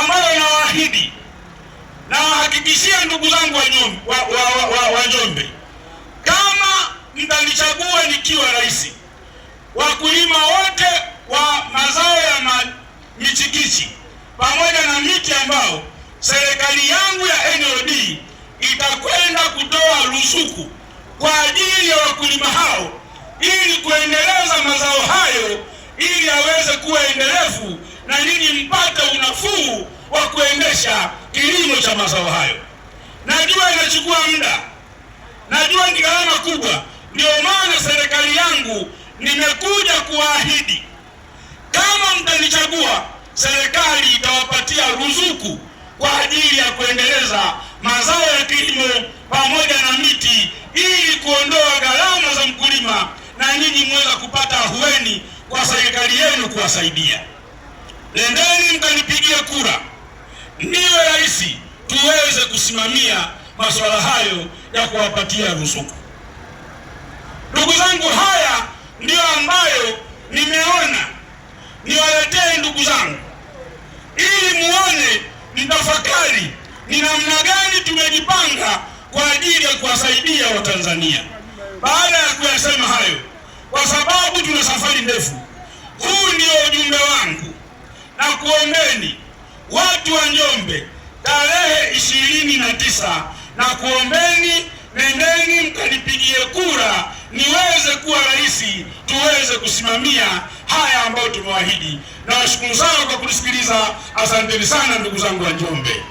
ambayo nawaahidi na wahakikishia ndugu zangu wa Njombe wa, wa, wa, wa, wa kama mtanichagua nikiwa rais, wakulima wote wa mazao ya ma, michikichi pamoja na miti ambao serikali yangu ya NLD itakwenda kutoa ruzuku kwa ajili ya wakulima hao ili kuendeleza mazao hayo ili aweze kuwa endelevu na nini mpate una wa kuendesha kilimo cha mazao hayo. Najua inachukua muda, najua ni gharama kubwa. Ndio maana serikali yangu nimekuja kuwaahidi, kama mtanichagua, serikali itawapatia ruzuku kwa ajili ya kuendeleza mazao ya kilimo pamoja na miti, ili kuondoa gharama za mkulima na nyinyi mweza kupata ahueni kwa serikali yenu kuwasaidia. Lendeni mkanipigie kura kusimamia masuala hayo ya kuwapatia ruzuku. Ndugu zangu, haya ndiyo ambayo nimeona niwaletee ndugu zangu, ili muone nitafakari ni namna gani tumejipanga kwa ajili ya kuwasaidia Watanzania baada ya kuyasema hayo, kwa sababu tuna safari ndefu. Huu ndio ujumbe wangu na kuombeni watu wa Njombe tarehe ishirini na tisa na kuombeni, nendeni mkanipigie kura niweze kuwa rais, tuweze kusimamia haya ambayo tumewaahidi. Nawashukuru sana kwa kunisikiliza. Asanteni sana ndugu zangu wa Njombe.